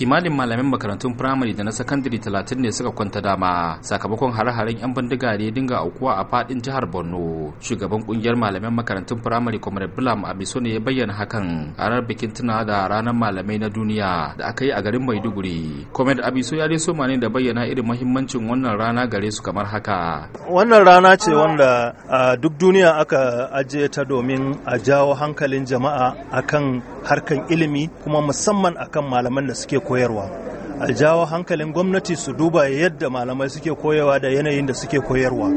kimanin malamin makarantun firamare da na sakandare talatin ne suka kwanta dama sakamakon hare-haren 'yan bindiga ne dinga aukuwa a fadin jihar borno shugaban kungiyar malamin makarantun firamare kwamar bulam abiso ne ya bayyana hakan a ranar bikin tuna da ranar malamai na duniya da aka yi a garin maiduguri kwamar abiso ya dai soma ne da bayyana irin mahimmancin wannan rana gare su kamar haka wannan rana ce wanda a duk duniya aka ajiye ta domin a jawo hankalin jama'a akan harkan ilimi kuma musamman akan malaman da suke Cuerua. a jawo hankalin gwamnati su duba yadda malamai suke koyawa da yanayin da suke koyarwa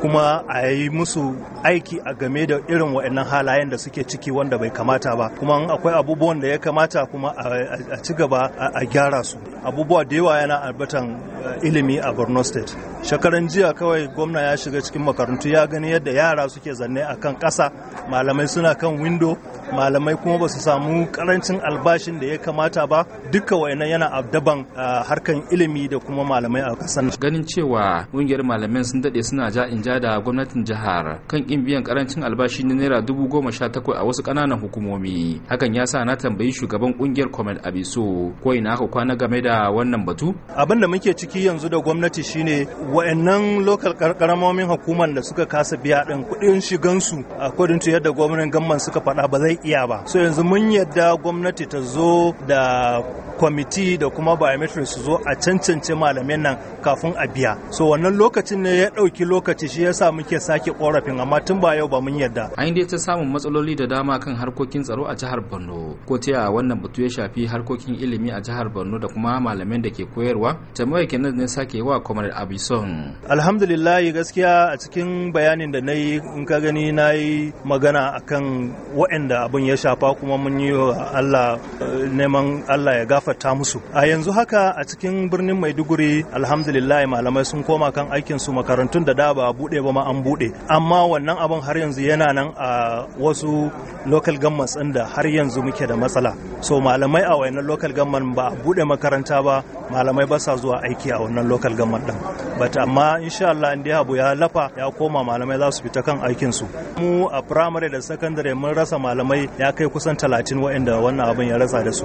kuma a yi musu aiki a game da irin waɗannan halayen da suke ciki wanda bai kamata ba kuma akwai abubuwan da ya kamata kuma a ci gaba a gyara su abubuwa da yawa yana albatan eh, ilimi a borno state shekaran jiya kawai gwamna ya shiga cikin makarantu ya gani yadda yara suke zanne a kan ƙasa malamai suna kan windo malamai kuma ba su samu karancin albashin da ya kamata ba duka wa'annan yana daban. harkan ilimi da kuma malamai a kasan ganin cewa ƙungiyar malamai sun daɗe suna ja in ja da gwamnatin jihar kan ƙin biyan karancin albashi na naira dubu goma sha takwai a wasu ƙananan hukumomi hakan ya sa na tambayi shugaban ƙungiyar comment abiso ko ina aka kwana game da wannan batu abin da muke ciki yanzu da gwamnati shine wa'annan lokal karkaramomin hukumar da suka kasa biya ɗin kuɗin shigansu a kudin yadda gwamnan gamman suka faɗa ba zai iya ba so yanzu mun yadda gwamnati ta zo da kwamiti da kuma biometrics su zo a cancance malamin nan kafin a biya so wannan lokacin ne ya ɗauki lokaci shi yasa muke sake korafin amma tun ba yau ba mun yadda an dai ta samun matsaloli da dama kan harkokin tsaro a jihar borno ko ta wannan batu ya shafi harkokin ilimi a jihar borno da kuma malamin da ke koyarwa tambayar kenan ne sake wa kwamar abison alhamdulillah gaskiya a cikin bayanin da na yi in ka gani na yi magana akan waɗanda abin ya shafa kuma mun yi wa allah eh, neman allah ya gafa gafarta musu a yanzu haka a cikin birnin maiduguri alhamdulillah malamai sun koma kan aikin su makarantun da da ba bude ba ma an bude amma wannan abin har yanzu yana nan a wasu local governments din da har yanzu muke da matsala so malamai a wannan local government ba bude makaranta ba malamai ba sa zuwa aiki a wannan local government din but amma insha Allah in dai abu ya lafa ya koma malamai za su fita kan aikin su mu a primary da secondary mun rasa malamai ya kai kusan 30 waɗanda wannan abin ya rasa da su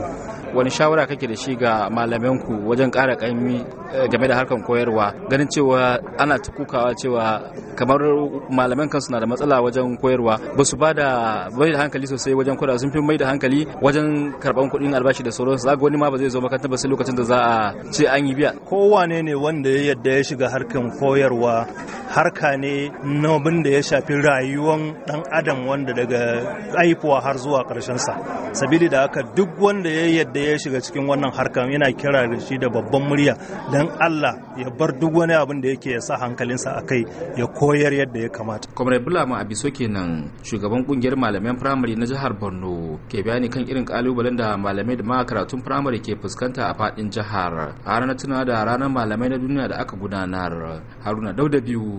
wani shawara kake da shi ga malamanku wajen ƙara ƙaimi eh, game da harkar koyarwa ganin cewa ana tukukawa cewa kamar malaman kansu na da matsala wajen koyarwa ba su ba da bai da hankali sosai wajen koyarwa sun fi mai da hankali wajen karɓan kuɗin albashi da sauransu zaga wani ma ba zai zo makaranta ba sai lokacin da za a ce an yi biya kowane ne wanda ya yadda ya shiga harkar koyarwa harka ne na abin da ya shafi rayuwan dan adam wanda daga haifuwa har zuwa sa sabili da haka duk wanda ya yadda ya shiga cikin wannan harka yana kira da shi da babban murya don allah ya bar duk wani abin da yake ya sa hankalinsa a kai ya koyar yadda ya kamata comrade bulama abiso kenan shugaban kungiyar malaman firamare na jihar borno ke bayani kan irin kalubalen da malamai da ma karatun firamare ke fuskanta a faɗin jihar a ranar tuna da ranar malamai na duniya da aka gudanar haruna dauda biyu